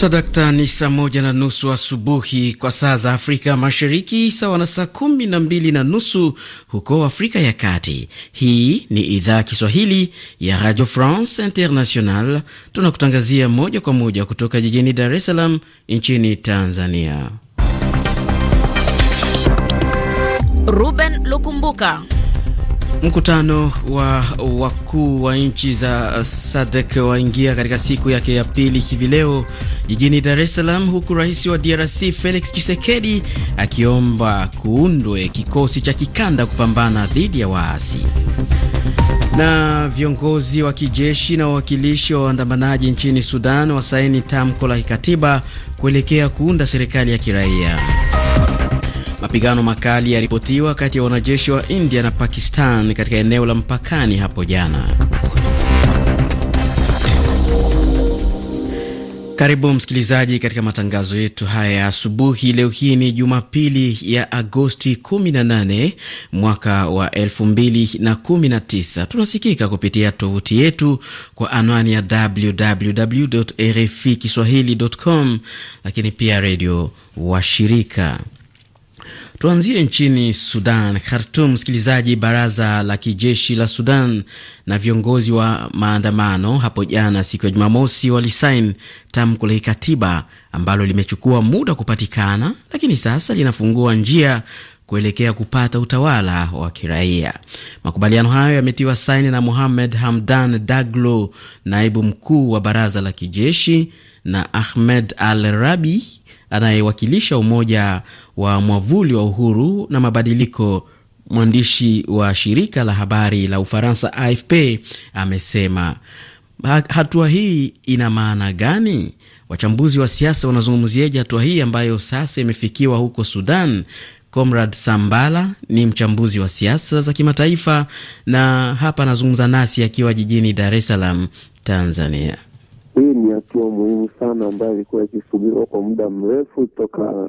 Sadakta ni saa moja na nusu asubuhi kwa saa za Afrika Mashariki, sawa na saa kumi na mbili na nusu huko Afrika ya Kati. Hii ni idhaa Kiswahili ya Radio France International, tunakutangazia moja kwa moja kutoka jijini Dar es Salaam nchini Tanzania. Ruben Lukumbuka Mkutano wa wakuu wa nchi za uh, SADC waingia katika siku yake ya pili hivi leo jijini Dar es Salaam, huku rais wa DRC Felix Tshisekedi akiomba kuundwe kikosi cha kikanda kupambana dhidi ya waasi. Na viongozi wa kijeshi na wawakilishi wa waandamanaji nchini Sudan wasaini tamko la kikatiba kuelekea kuunda serikali ya kiraia. Mapigano makali yaripotiwa kati ya wanajeshi wa India na Pakistan katika eneo la mpakani hapo jana. Karibu msikilizaji, katika matangazo yetu haya ya asubuhi. Leo hii ni Jumapili ya Agosti 18 mwaka wa 2019. Tunasikika kupitia tovuti yetu kwa anwani ya www rfi kiswahili.com, lakini pia redio washirika Tuanzie nchini Sudan, Khartum. Msikilizaji, baraza la kijeshi la Sudan na viongozi wa maandamano hapo jana, siku ya Jumamosi, walisain tamko la kikatiba ambalo limechukua muda kupatikana, lakini sasa linafungua njia kuelekea kupata utawala wa kiraia. Makubaliano hayo yametiwa saini na muhamed Hamdan Daglo, naibu mkuu wa baraza la kijeshi na Ahmed Al Rabi, anayewakilisha umoja wa mwavuli wa uhuru na mabadiliko, mwandishi wa shirika la habari la Ufaransa AFP amesema. Hatua hii ina maana gani? Wachambuzi wa siasa wanazungumziaje hatua hii ambayo sasa imefikiwa huko Sudan? Comrad Sambala ni mchambuzi wa siasa za kimataifa na hapa anazungumza nasi akiwa jijini Dar es Salaam, Tanzania. Hii ni hatua muhimu sana ambayo ilikuwa ikisubiriwa kwa muda mrefu toka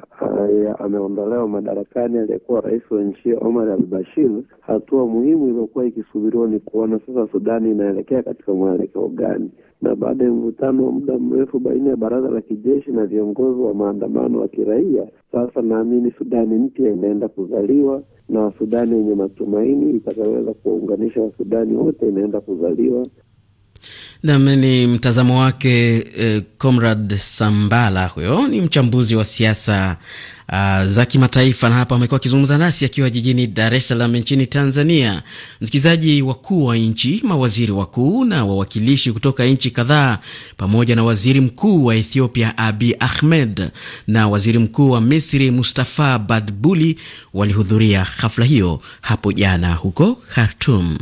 eh, ameondolewa madarakani aliyekuwa rais wa nchi Omar al Bashir. Hatua muhimu iliyokuwa ikisubiriwa ni kuona sasa Sudani inaelekea katika mwelekeo gani, na baada ya mvutano wa muda mrefu baina ya baraza la kijeshi na viongozi wa maandamano wa kiraia, sasa naamini Sudani mpya inaenda kuzaliwa na Sudani yenye matumaini itakayoweza kuwaunganisha Wasudani wote inaenda kuzaliwa, Nam ni mtazamo wake eh, Comrade Sambala. Huyo ni mchambuzi wa siasa uh, za kimataifa, na hapa amekuwa akizungumza nasi akiwa jijini Dar es Salaam nchini Tanzania. Msikilizaji, wakuu wa nchi, mawaziri wakuu na wawakilishi kutoka nchi kadhaa, pamoja na waziri mkuu wa Ethiopia Abi Ahmed na waziri mkuu wa Misri Mustafa Badbuli walihudhuria hafla hiyo hapo jana huko Khartum.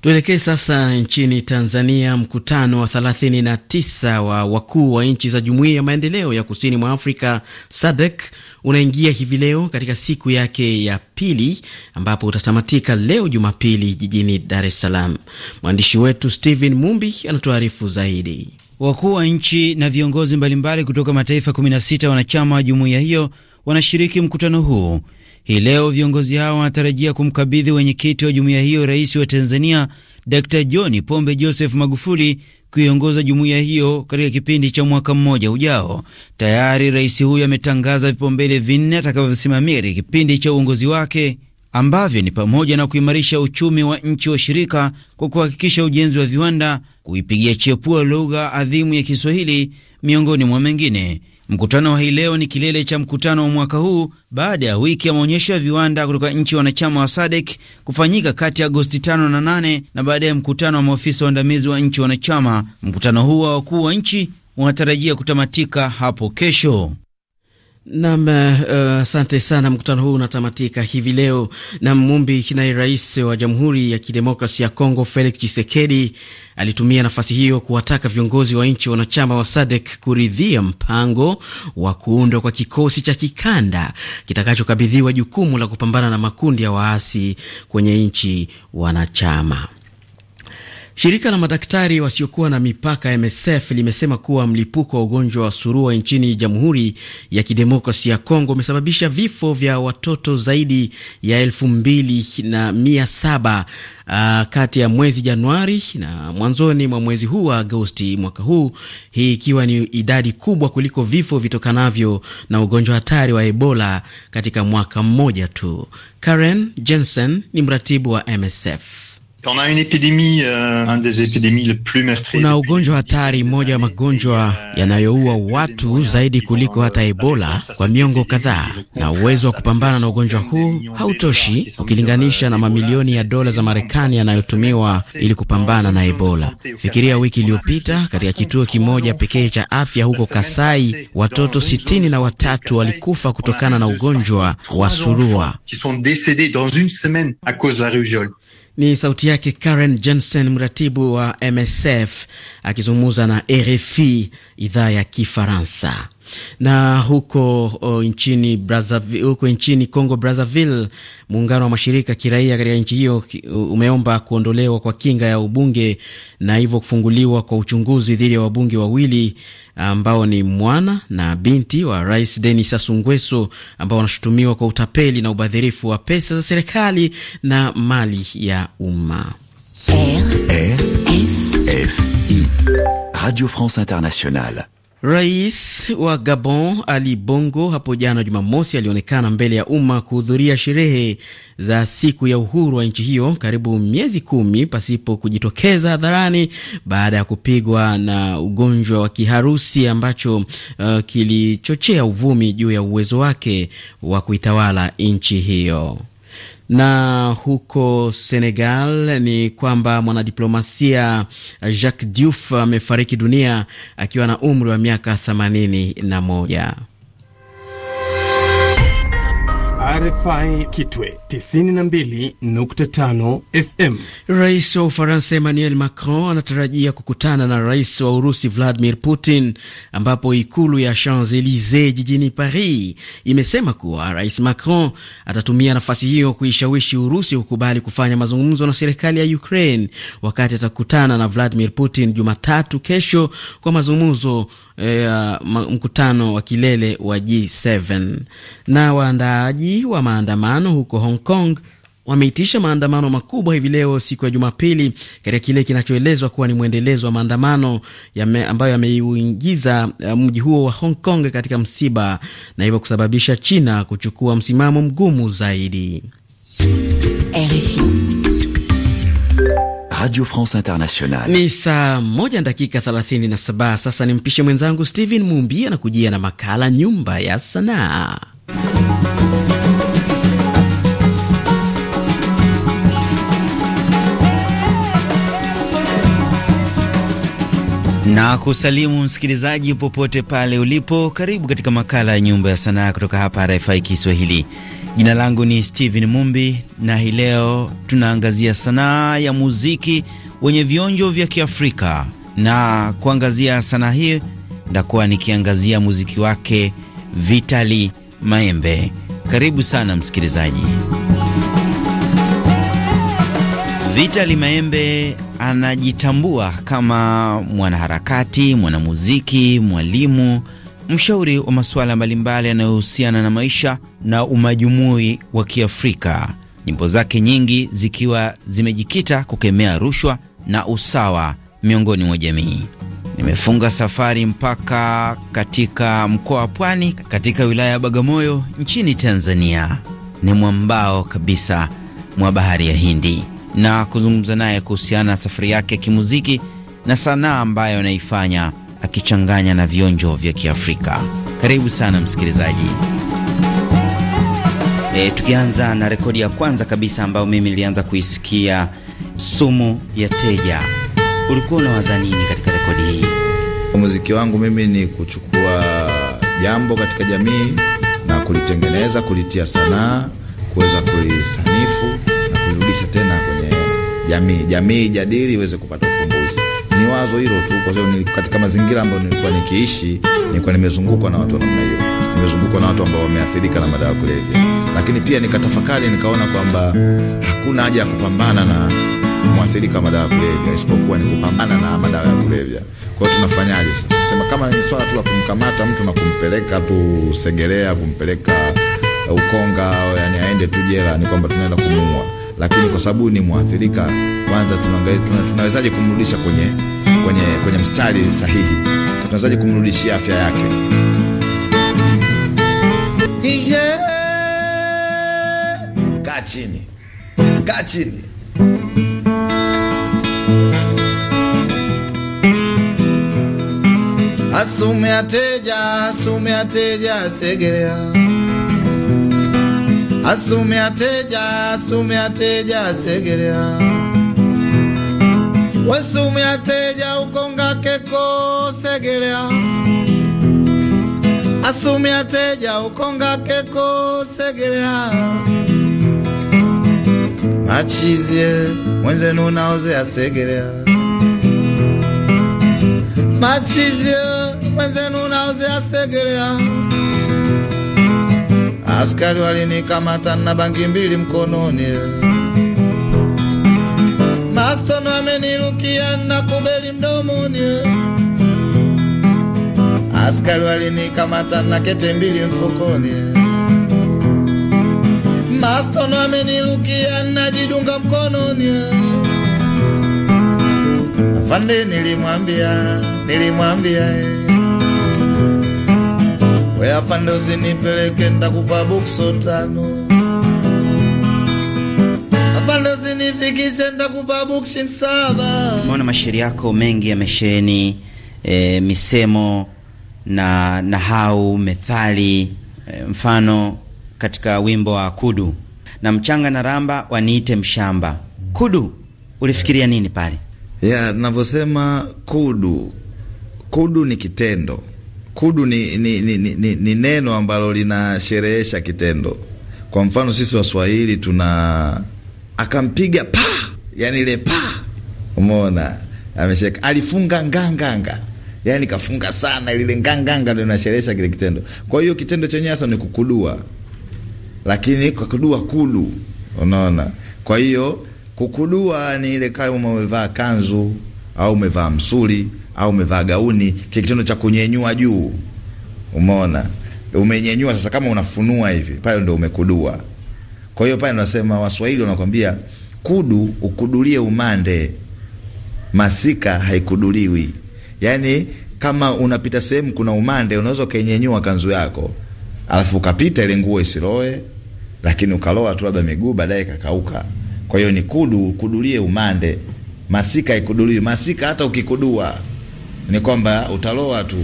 Tuelekee sasa nchini Tanzania. Mkutano wa 39 wa wakuu wa nchi za Jumuiya ya Maendeleo ya Kusini mwa Afrika SADC unaingia hivi leo katika siku yake ya pili, ambapo utatamatika leo Jumapili jijini Dar es Salaam. Mwandishi wetu Stephen Mumbi anatuarifu zaidi. Wakuu wa nchi na viongozi mbalimbali kutoka mataifa 16 wanachama wa jumuiya hiyo wanashiriki mkutano huu hii leo viongozi hao wanatarajia kumkabidhi wenyekiti wa jumuiya hiyo rais wa Tanzania Dkt John Pombe Joseph Magufuli kuiongoza jumuiya hiyo katika kipindi cha mwaka mmoja ujao. Tayari rais huyo ametangaza vipaumbele vinne atakavyosimamia katika kipindi cha uongozi wake ambavyo ni pamoja na kuimarisha uchumi wa nchi wa shirika kwa kuhakikisha ujenzi wa viwanda, kuipigia chepua lugha adhimu ya Kiswahili, miongoni mwa mengine. Mkutano wa hii leo ni kilele cha mkutano wa mwaka huu baada ya wiki ya maonyesho ya viwanda kutoka nchi wanachama wa SADC kufanyika kati ya Agosti 5 na 8 na ya mkutano wa maofisa waandamizi wa nchi wanachama. Mkutano huu wa wakuu wa nchi unatarajia kutamatika hapo kesho. Nam, eh, asante uh, sana. Mkutano huu unatamatika hivi leo na Mumbi naye rais wa Jamhuri ya Kidemokrasia ya Kongo Felix chisekedi alitumia nafasi hiyo kuwataka viongozi wa nchi wanachama wa sadek kuridhia mpango wa kuundwa kwa kikosi cha kikanda kitakachokabidhiwa jukumu la kupambana na makundi ya waasi kwenye nchi wanachama. Shirika la madaktari wasiokuwa na mipaka MSF limesema kuwa mlipuko wa ugonjwa wa surua nchini Jamhuri ya Kidemokrasi ya Kongo umesababisha vifo vya watoto zaidi ya elfu mbili na mia saba uh, kati ya mwezi Januari na mwanzoni mwa mwezi huu wa Agosti mwaka huu, hii ikiwa ni idadi kubwa kuliko vifo vitokanavyo na ugonjwa hatari wa Ebola katika mwaka mmoja tu. Karen Jensen ni mratibu wa MSF. Euh, kuna ugonjwa hatari, moja wa magonjwa euh, yanayoua watu zaidi kuliko euh, hata Ebola kwa miongo kadhaa, na uwezo wa kupambana na ugonjwa huu hautoshi ukilinganisha na mamilioni ya dola za Marekani yanayotumiwa ili kupambana na Ebola. Fikiria, wiki iliyopita katika kituo kimoja pekee cha afya huko Kasai, watoto sitini na watatu walikufa kutokana na ugonjwa wa surua. Ni sauti yake Karen Jensen, mratibu wa MSF akizungumza na RFI idhaa ya Kifaransa. Na huko oh, nchini Brazzaville, huko nchini Congo Brazzaville, muungano wa mashirika kiraia katika nchi hiyo umeomba kuondolewa kwa kinga ya ubunge na hivyo kufunguliwa kwa uchunguzi dhidi ya wabunge wawili ambao ni mwana na binti wa Rais Denis Sassou Nguesso ambao wanashutumiwa kwa utapeli na ubadhirifu wa pesa za serikali na mali ya umma. Radio France Internationale. Rais wa Gabon Ali Bongo hapo jana Jumamosi alionekana mbele ya umma kuhudhuria sherehe za siku ya uhuru wa nchi hiyo karibu miezi kumi pasipo kujitokeza hadharani baada ya kupigwa na ugonjwa wa kiharusi ambacho uh, kilichochea uvumi juu ya uwezo wake wa kuitawala nchi hiyo. Na huko Senegal ni kwamba mwanadiplomasia uh, Jacques Diouf amefariki dunia akiwa na umri wa miaka 81. RFI Kitwe 92.5 FM. Rais wa Ufaransa Emmanuel Macron anatarajia kukutana na Rais wa Urusi Vladimir Putin ambapo ikulu ya Champs-Elysee jijini Paris imesema kuwa Rais Macron atatumia nafasi hiyo kuishawishi Urusi kukubali kufanya mazungumzo na serikali ya Ukraine wakati atakutana na Vladimir Putin Jumatatu kesho kwa mazungumzo eh, ya mkutano wa kilele wa G7. Na waandaaji wa maandamano huko Hong Kong wameitisha maandamano makubwa hivi leo siku ya Jumapili katika kile kinachoelezwa kuwa ni mwendelezo wa maandamano ya ambayo yameuingiza eh, mji huo wa Hong Kong katika msiba na hivyo kusababisha China kuchukua msimamo mgumu zaidi. RFI. Radio France Internationale. Ni saa moja dakika 37 Sasa nimpishe mwenzangu Steven Mumbi anakujia na makala nyumba ya sanaa na kusalimu msikilizaji popote pale ulipo. Karibu katika makala ya Nyumba ya Sanaa kutoka hapa RFI Kiswahili. Jina langu ni Steven Mumbi na hii leo tunaangazia sanaa ya muziki wenye vionjo vya Kiafrika, na kuangazia sanaa hii ndakuwa nikiangazia muziki wake Vitali Maembe. Karibu sana msikilizaji. Vitali Maembe anajitambua kama mwanaharakati, mwanamuziki, mwalimu, mshauri wa masuala mbalimbali yanayohusiana na maisha na umajumui wa Kiafrika, nyimbo zake nyingi zikiwa zimejikita kukemea rushwa na usawa miongoni mwa jamii. Nimefunga safari mpaka katika mkoa wa Pwani, katika wilaya ya Bagamoyo nchini Tanzania, ni mwambao kabisa mwa bahari ya Hindi na kuzungumza naye kuhusiana na safari yake ya kimuziki na sanaa ambayo anaifanya akichanganya na vionjo vya Kiafrika. Karibu sana msikilizaji. E, tukianza na rekodi ya kwanza kabisa ambayo mimi nilianza kuisikia sumu ya teja, ulikuwa unawaza nini katika rekodi hii? Muziki wangu mimi ni kuchukua jambo katika jamii na kulitengeneza, kulitia sanaa, kuweza kulisanifu kuirudisha tena kwenye jamii, jamii ijadili iweze kupata ufumbuzi. Ni wazo hilo tu, kwa sababu katika mazingira ambayo nilikuwa nikiishi nilikuwa nimezungukwa na watu wa namna hiyo, nimezungukwa na watu ambao wameathirika na madawa kulevya, lakini pia nikatafakari, nikaona kwamba hakuna haja ya kupambana na mwathirika wa madawa ya kulevya isipokuwa ni kupambana na madawa ya kulevya. Kwa hiyo tunafanyaje sasa? Tusema kama ni swala tu la kumkamata mtu na kumpeleka tu Segerea, kumpeleka Ukonga, yani aende tu jela, ni kwamba tunaenda kumuua lakini kwa sababu ni mwathirika, kwanza tunawezaje kumrudisha kwenye, kwenye, kwenye mstari sahihi? Tunawezaje kumrudishia afya yake? Yeah. Kaa chini, kaa chini asume ateja, asume ateja, segerea asume ateja asume ateja asegerea wesume ateja ukonga keko segerea asume ateja ukonga keko segerea machizie mwenzenu naoze asegerea machizie mwenzenu naoze asegerea Askari walinikamata na bangi mbili mkononi, mastono amenirukia na kubeli mdomoni. Askari walinikamata na kete mbili mfukoni, mastono amenirukia na jidunga mkononi. Afande nilimwambia, nilimwambia eh weyafa ndo usinipeleke ndakupa bokso tano afandozinifikishe mashairi yako mengi yamesheni e, eh, misemo na nahau methali e, mfano katika wimbo wa kudu na mchanga na ramba waniite mshamba. Kudu ulifikiria nini pale? Yeah, navyosema kudu, kudu ni kitendo kudu ni, ni, ni, ni, ni neno ambalo linasherehesha kitendo. Kwa mfano sisi Waswahili tuna akampiga pa, yani ile pa, umeona amesheka, alifunga nganganga, yani kafunga sana, lile nganganga ndio inasherehesha kile kitendo. Kwa hiyo kitendo chenyewe hasa ni kukudua, lakini kwa kudua kudu, unaona. Kwa hiyo kukudua ni ile kama umevaa kanzu au umevaa msuli au umevaa gauni, kile kitendo cha kunyenyua juu, umeona umenyenyua. Sasa kama unafunua hivi pale, ndo umekudua. Kwa hiyo pale nasema Waswahili wanakwambia kudu ukudulie umande, masika haikuduliwi. Yani kama unapita sehemu kuna umande, unaweza ukainyenyua kanzu yako alafu ukapita ile nguo isiloe, lakini ukaloa tu labda miguu, baadaye kakauka. Kwa hiyo ni kudu kudulie umande, masika haikuduliwi. Masika hata ukikudua ni kwamba utaloa tu,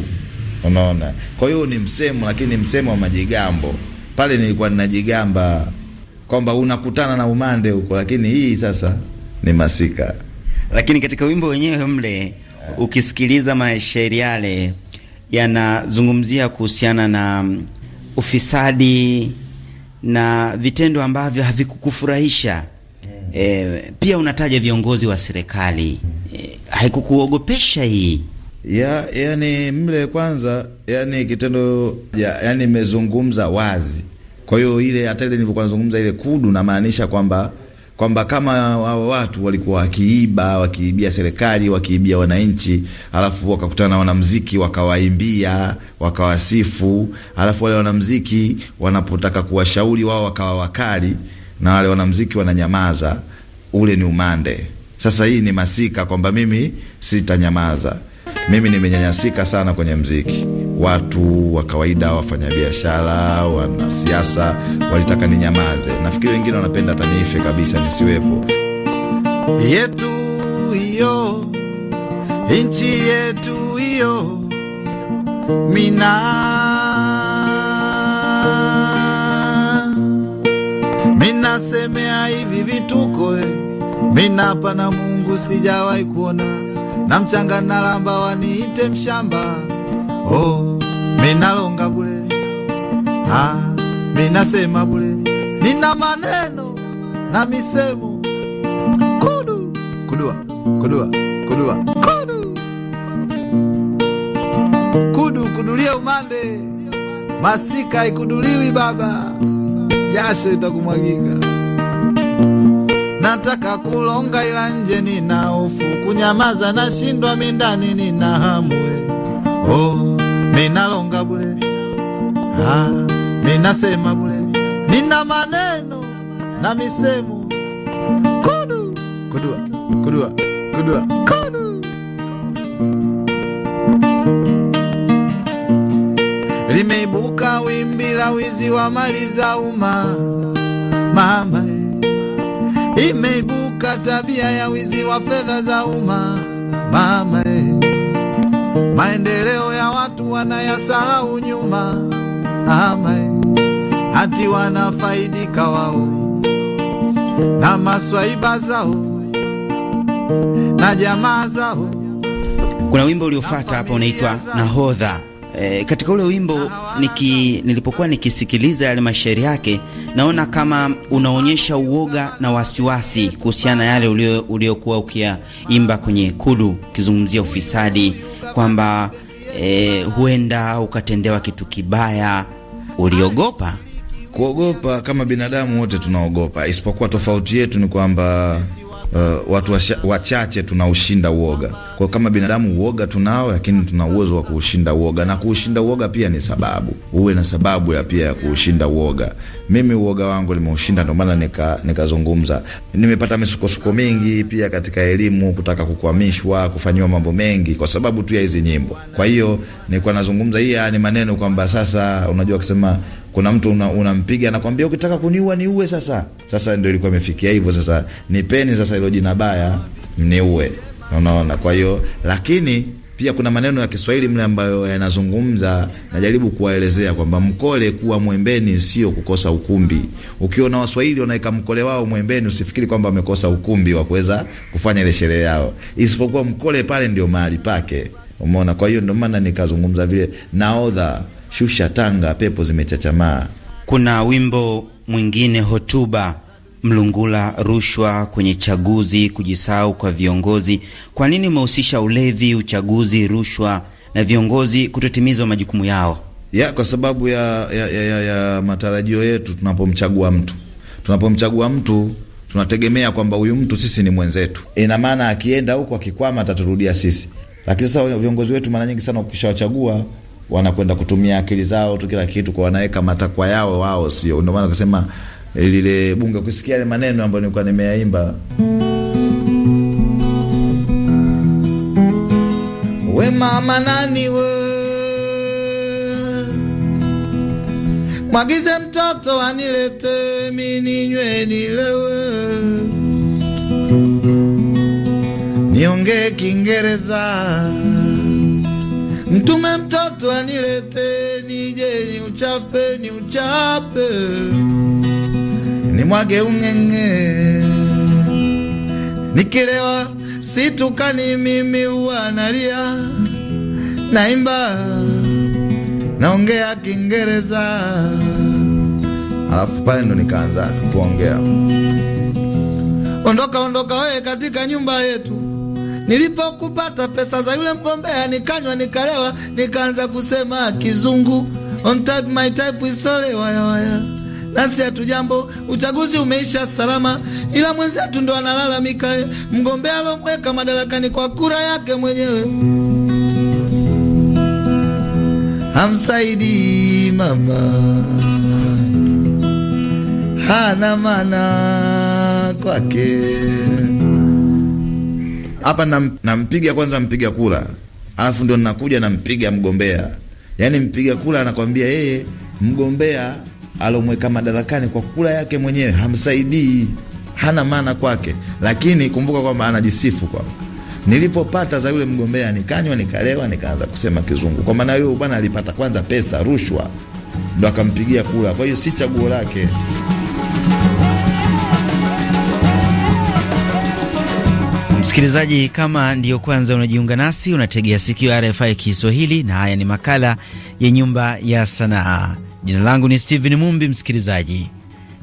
unaona. Kwa hiyo ni msemo, lakini ni msemo wa majigambo. Pale nilikuwa ninajigamba kwamba unakutana na umande huko, lakini hii sasa ni masika. Lakini katika wimbo wenyewe mle, ukisikiliza mashairi yale yanazungumzia kuhusiana na mm, ufisadi na vitendo ambavyo havikukufurahisha. E, pia unataja viongozi wa serikali. E, haikukuogopesha hii? ya yani mle kwanza, yani kitendo ya, yani imezungumza wazi. Kwa hiyo ile hata ile nilivyokuwa nazungumza ile kudu, namaanisha kwamba kwamba kama hao watu walikuwa wakiiba, wakiibia serikali, wakiibia wananchi, alafu wakakutana na wanamuziki wakawaimbia, wakawasifu, alafu wale wanamuziki wanapotaka kuwashauri wao wakawa wakali na wale wanamuziki wananyamaza, ule ni umande. Sasa hii ni masika kwamba mimi sitanyamaza mimi nimenyanyasika sana kwenye mziki. Watu wa kawaida, wafanyabiashara, wanasiasa walitaka ninyamaze. Nafikiri wengine wanapenda hata niife kabisa, nisiwepo. yetu hiyo, nchi yetu hiyo, mina minasemea hivi vituko, eh. minapa na Mungu sijawahi kuona na mchanga nalamba waniite mshamba oh, minalonga bule ah, minasema bule nina maneno na misemo kudu kudua kudua kudua kudu kudu kudulie umande masika ikuduliwi baba jasho itakumwagika Nataka kulonga ila nje nina hofu, kunyamaza nashindwa, mindani nina hamwe. Oh, minalonga bule, ah, minasema bule, nina maneno na misemo kudu kudua kudua kudua kudu. Limeibuka wimbi la wizi wa mali za umma mama imeibuka tabia ya wizi wa fedha za umma mama e. Maendeleo ya watu wanayasahau nyuma ama e. Eh. Hati wanafaidika wao na maswaiba zao na jamaa zao. Kuna wimbo uliofuata hapa unaitwa Nahodha. E, katika ule wimbo niki, nilipokuwa nikisikiliza yale mashairi yake, naona kama unaonyesha uoga na wasiwasi kuhusiana na yale uliokuwa ukiyaimba kwenye Ikulu ukizungumzia ufisadi kwamba e, huenda ukatendewa kitu kibaya. Uliogopa? Kuogopa kama binadamu wote tunaogopa, isipokuwa tofauti yetu ni kwamba uh, watu wachache tunaushinda uoga. Kwa kama binadamu uoga tunao, lakini tuna uwezo wa kuushinda uoga, na kuushinda uoga pia ni sababu, uwe na sababu ya pia ya kuushinda uoga. Mimi uoga wangu nimeushinda, ndio maana nika nikazungumza. Nimepata misukosuko mingi pia katika elimu, kutaka kukwamishwa, kufanyiwa mambo mengi kwa sababu tu ya hizi nyimbo. Kwa hiyo nilikuwa nazungumza hii ni maneno kwamba sasa, unajua kusema kuna mtu unampiga una anakwambia ukitaka kuniua niue sasa. Sasa ndio ilikuwa imefikia hivyo, sasa nipeni sasa hilo jina baya mniue. Unaona, kwa hiyo lakini pia kuna maneno ya Kiswahili mle ambayo yanazungumza, najaribu kuwaelezea kwamba mkole kuwa mwembeni sio kukosa ukumbi. Ukiona Waswahili wanaweka mkole wao mwembeni, usifikiri kwamba wamekosa ukumbi wa kuweza kufanya ile sherehe yao, isipokuwa mkole pale ndio mahali pake. Umeona? Kwa hiyo ndio maana nikazungumza vile naodha shusha tanga, pepo zimechachamaa. Kuna wimbo mwingine hotuba mlungula rushwa kwenye chaguzi, kujisahau kwa viongozi. Kwa nini umehusisha ulevi, uchaguzi, rushwa na viongozi kutotimiza majukumu yao? Ya, kwa sababu ya, ya, ya, ya matarajio yetu tunapomchagua mtu, tunapomchagua mtu tunategemea kwamba huyu mtu sisi ni mwenzetu. Ina maana akienda huko akikwama ataturudia sisi, lakini sasa viongozi wetu mara nyingi sana ukishawachagua wanakwenda kutumia akili zao tu kila kitu kwa wanaweka matakwa yao wao, sio ndio maana akasema lile bunge kusikia yale maneno ambayo nilikuwa nimeyaimba we mama nani we mwagize mtoto anilete mininywe nilewe niongee Kiingereza mtume watu anilete, nije ni uchape, ni uchape, ni mwage ung'eng'e, nikilewa situkani mimi, huwa nalia, naimba, naongea Kiingereza, alafu pale ndo nikaanza kuongea, ondoka, ondoka we katika nyumba yetu Nilipokupata pesa za yule mgombea, nikanywa nikalewa, nikaanza kusema kizungu on type my type isole waya waya. Nasi hatujambo, uchaguzi umeisha salama, ila mwenzetu ndo analalamika, mgombea alomweka madarakani kwa kura yake mwenyewe hamsaidi mama, hana mana kwake hapa nampiga nam kwanza mpiga kula, alafu ndio nakuja nampiga mgombea. Yani mpiga kula anakwambia yeye mgombea alomweka madarakani kwa kula yake mwenyewe hamsaidii, hana maana kwake, lakini kumbuka kwamba anajisifu kwamba nilipopata za yule mgombea nikanywa, nikalewa, nikaanza kusema kizungu. Kwa maana hiyo bwana alipata kwanza pesa, rushwa, ndo akampigia kula. Kwa hiyo si chaguo lake. Msikilizaji, kama ndiyo kwanza unajiunga nasi, unategea sikio RFI Kiswahili na haya ni makala ya Nyumba ya Sanaa. Jina langu ni Steven Mumbi. Msikilizaji,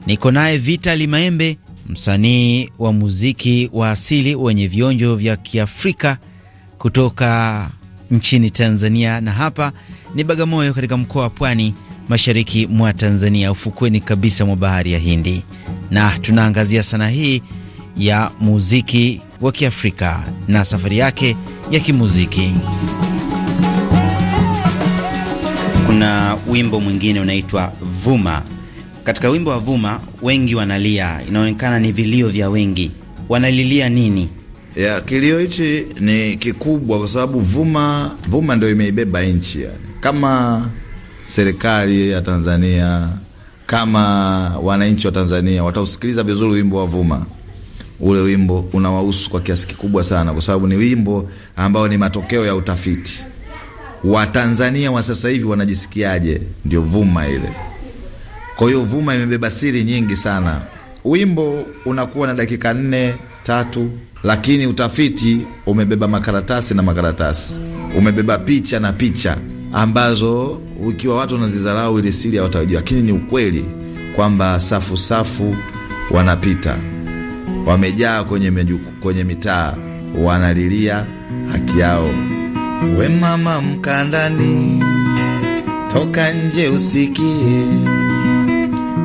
niko naye Vitali Maembe, msanii wa muziki wa asili wenye vionjo vya Kiafrika kutoka nchini Tanzania, na hapa ni Bagamoyo katika mkoa wa Pwani, mashariki mwa Tanzania, ufukweni kabisa mwa bahari ya Hindi, na tunaangazia sanaa hii ya muziki wa Kiafrika na safari yake ya kimuziki. Kuna wimbo mwingine unaitwa Vuma. Katika wimbo wa Vuma wengi wanalia, inaonekana ni vilio vya wengi. Wanalilia nini? Ya, kilio hichi ni kikubwa kwa sababu Vuma, Vuma ndio imeibeba nchi yani. Kama serikali ya Tanzania, kama wananchi wa Tanzania watausikiliza vizuri wimbo wa Vuma ule wimbo unawahusu kwa kiasi kikubwa sana, kwa sababu ni wimbo ambao ni matokeo ya utafiti. Watanzania wa sasa hivi wanajisikiaje? Ndio vuma ile. Kwa hiyo vuma imebeba siri nyingi sana. Wimbo unakuwa na dakika nne tatu, lakini utafiti umebeba makaratasi na makaratasi, umebeba picha na picha ambazo ukiwa watu wanazidharau ile siri hawatajua, lakini ni ukweli kwamba safu safu wanapita wamejaa kwenye, kwenye mitaa wanalilia haki yao. We mama mkandani, toka nje usikie,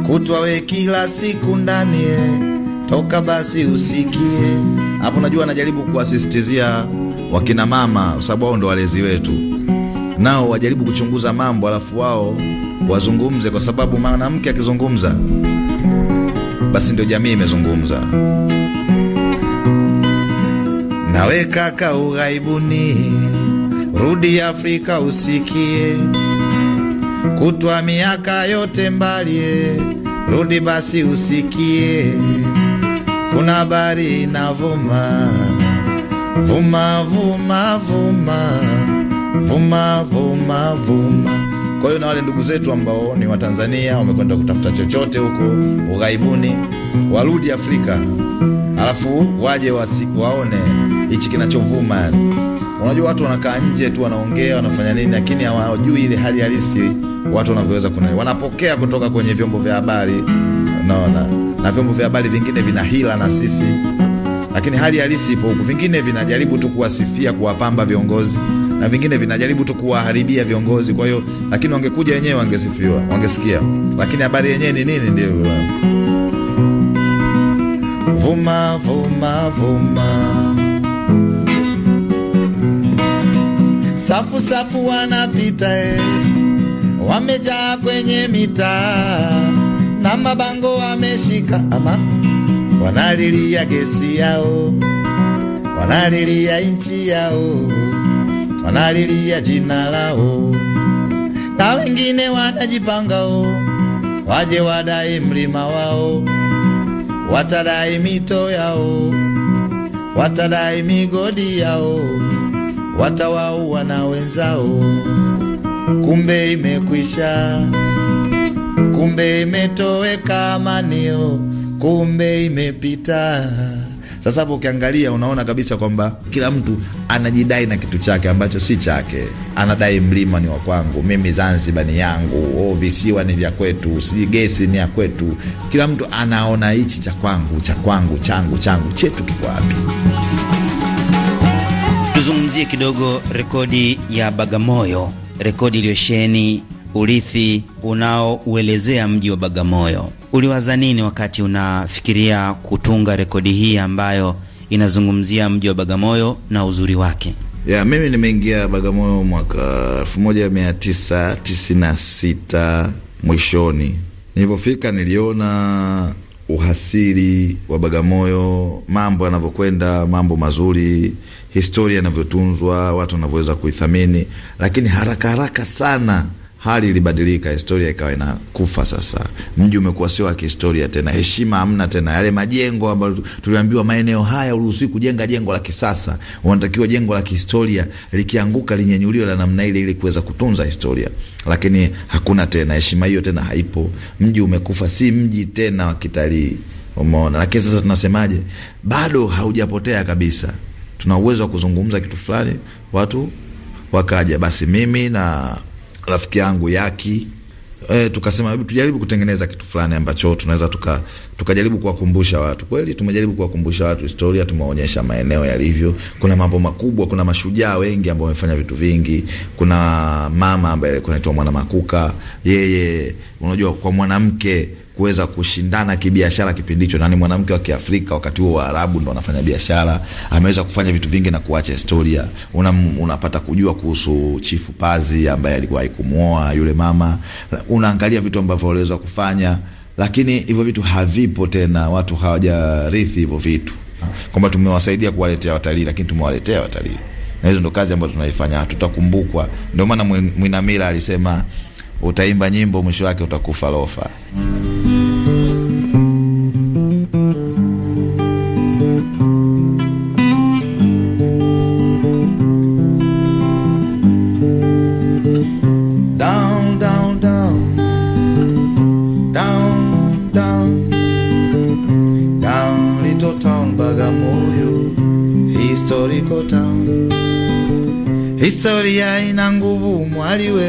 kutwa we kila siku ndani, toka basi usikie. Hapo najua anajaribu kuwasisitizia wakina mama, sababu wao ndo walezi wetu, nao wajaribu kuchunguza mambo, alafu wao wazungumze, kwa sababu mwanamke akizungumza basi ndio jamii imezungumza. Nawe kaka ughaibuni, rudi Afrika usikie, kutwa miaka yote mbalie, rudi basi usikie, kuna habari inavuma vuma vuma vuma vuma vuma vuma kwa hiyo na wale ndugu zetu ambao ni Watanzania wamekwenda kutafuta chochote huko ughaibuni, warudi Afrika alafu waje wasiku waone hichi kinachovuma. Unajua, watu wanakaa nje tu wanaongea wanafanya nini, lakini hawajui ile hali halisi watu wanavyoweza kuna wanapokea kutoka kwenye vyombo vya habari naona na, na vyombo vya habari vingine vina hila na sisi, lakini hali halisi ipo huku. Vingine vinajaribu tu kuwasifia, kuwapamba viongozi na vingine vinajaribu tu kuwaharibia viongozi. Kwa hiyo lakini wangekuja wenyewe wangesifiwa, wangesikia, lakini habari yenyewe ni nini? Ndio vuma vuma vuma safu safu wanapita eh, wamejaa kwenye mitaa na mabango wameshika, ama wanalilia gesi yao, wanalilia nchi yao wanalilia jina lao, na wengine o waje wadai mlima wao, watadai mito yao, watadai migodi yao, watawaua na wenzao. Kumbe imekwisha, kumbe imetoweka manio, kumbe imepita. Sasa hapo ukiangalia, unaona kabisa kwamba kila mtu anajidai na kitu chake ambacho si chake. Anadai mlima ni wa kwangu, mimi Zanzibar ni yangu, oh, visiwa ni vya kwetu, sijui gesi ni ya kwetu. Kila mtu anaona hichi cha kwangu, cha kwangu, changu, changu, chetu kiko wapi? Tuzungumzie kidogo rekodi ya Bagamoyo, rekodi iliyosheni urithi unaouelezea mji wa Bagamoyo. Uliwaza nini wakati unafikiria kutunga rekodi hii ambayo inazungumzia mji wa Bagamoyo na uzuri wake? Ya, mimi nimeingia Bagamoyo mwaka 1996 mwishoni. Nilipofika niliona uhasiri wa Bagamoyo, mambo yanavyokwenda, mambo mazuri, historia inavyotunzwa, watu wanavyoweza kuithamini, lakini haraka haraka sana hali ilibadilika, historia ikawa inakufa. Sasa mji umekuwa sio wa kihistoria tena, heshima hamna tena. Yale majengo ambayo tuliambiwa maeneo haya uruhusi kujenga jengo la kisasa, wanatakiwa jengo la kihistoria, likianguka linyenyuliwe la namna ile, ili kuweza kutunza historia, lakini hakuna tena heshima hiyo, tena haipo. Mji umekufa, si mji tena wa kitalii, umeona. Lakini sasa tunasemaje? Bado haujapotea kabisa, tuna uwezo wa kuzungumza kitu fulani, watu wakaja, basi mimi na rafiki yangu Yaki e, tukasema hebu tujaribu kutengeneza kitu fulani ambacho tunaweza tuka tukajaribu kuwakumbusha watu. Kweli tumejaribu kuwakumbusha watu historia, tumewaonyesha maeneo yalivyo. Kuna mambo makubwa, kuna mashujaa wengi ambao wamefanya vitu vingi. Kuna mama ambaye alikuwa anaitwa Mwana Makuka, yeye unajua, kwa mwanamke kuweza kushindana kibiashara kipindi hicho, nani mwanamke wa Kiafrika wakati huo, wa Arabu ndo wanafanya biashara. Ameweza kufanya vitu vingi na kuacha historia. Una, unapata kujua kuhusu Chifu Pazi ambaye alikuwa haikumuoa yule mama, unaangalia vitu ambavyo waliweza kufanya, lakini hivyo vitu havipo tena, watu hawajarithi hivyo vitu, kwamba tumewasaidia kuwaletea watalii, lakini tumewaletea watalii na hizo ndo kazi ambazo tunaifanya, tutakumbukwa. Ndio maana Mwinamila alisema, utaimba nyimbo mwisho wake utakufa lofa. Town. Historia ina nguvu mwaliwe,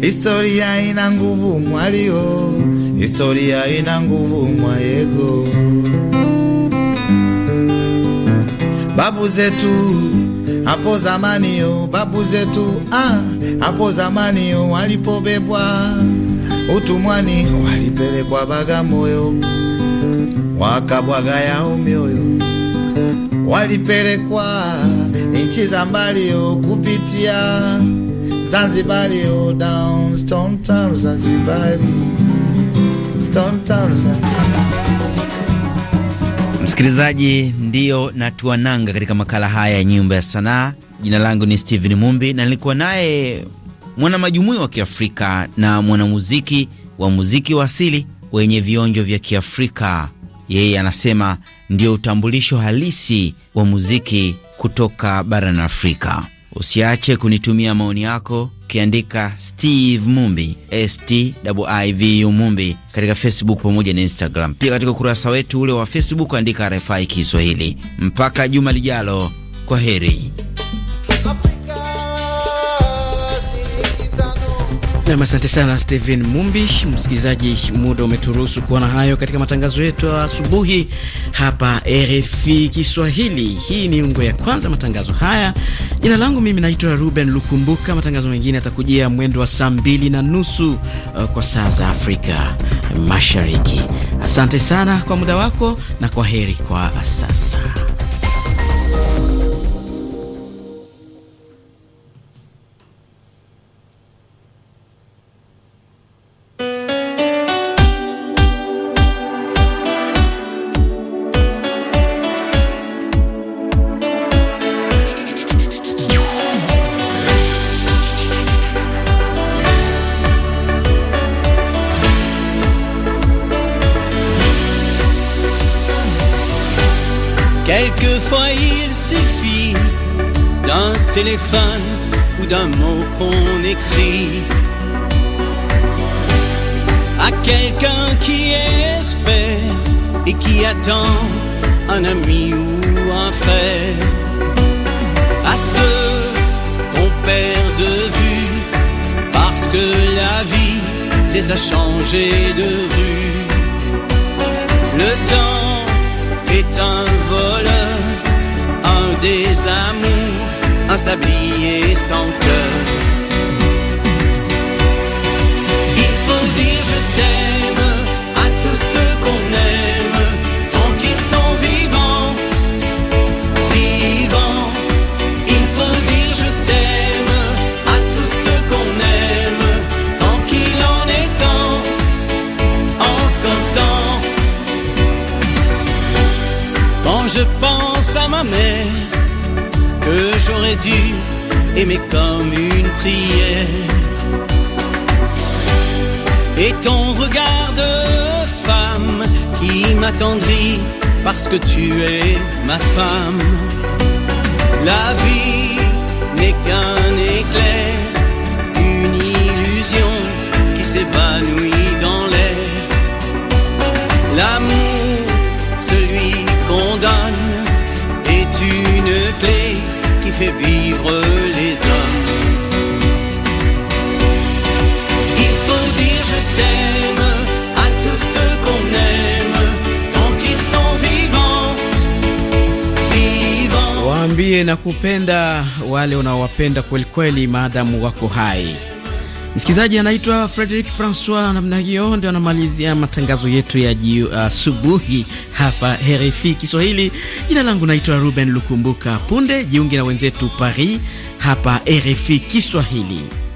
historia ina nguvu mwalio, historia ina nguvu mwayego. Babu zetu hapo zamanio, babu zetu ah, hapo zamanio walipobebwa utumwani walipelekwa Bagamoyo, wakabwaga yao mioyo walipelekwa nchi za mbali kupitia Zanzibari, oh down Stone Town Zanzibari, Stone Town Zanzibari. Msikilizaji, ndiyo natuananga katika makala haya ya nyumba ya sanaa. Jina langu ni Steven Mumbi na nilikuwa naye mwanamajumui wa Kiafrika na mwanamuziki wa muziki wa asili wenye vionjo vya Kiafrika. Yeye anasema ndio utambulisho halisi wa muziki kutoka barani Afrika. Usiache kunitumia maoni yako ukiandika Steve Mumbi Stivu Mumbi katika Facebook pamoja na Instagram, pia katika ukurasa wetu ule wa Facebook andika RFI Kiswahili. Mpaka juma lijalo, kwa heri. Nam, asante sana stephen Mumbi. Msikilizaji, muda umeturuhusu kuona hayo katika matangazo yetu ya asubuhi hapa RFI Kiswahili. Hii ni ungo ya kwanza matangazo haya. Jina langu mimi naitwa Ruben Lukumbuka. Matangazo mengine atakujia mwendo wa saa mbili na nusu uh, kwa saa za Afrika Mashariki. Asante sana kwa muda wako na kwa heri kwa sasa. a changé de rue. Le temps est un voleur, un des amours, un sablier sans cœur. ma mère que j'aurais dû aimer comme une prière. Et ton regard de femme qui m'attendrit parce que tu es ma femme. La vie n'est qu'un éclair, une illusion qui s'évanouit dans l'air. L'amour vivre les hommes. Il faut dire je t'aime à tous ceux qu'on aime tant qu'ils sont vivants, vivants. Waambie na kupenda wale unaowapenda kwelikweli maadamu wako hai. Msikilizaji anaitwa frederic Francois. Namna hiyo ndio anamalizia matangazo yetu ya uh, asubuhi uh, hapa RFI Kiswahili. Jina langu naitwa Ruben Lukumbuka. Punde jiunge na wenzetu Paris hapa RFI Kiswahili.